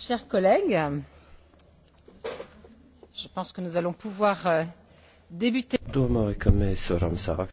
chers collègues je pense que nous allons pouvoir euh, débuter. Domāju, ka mēs varam sākt.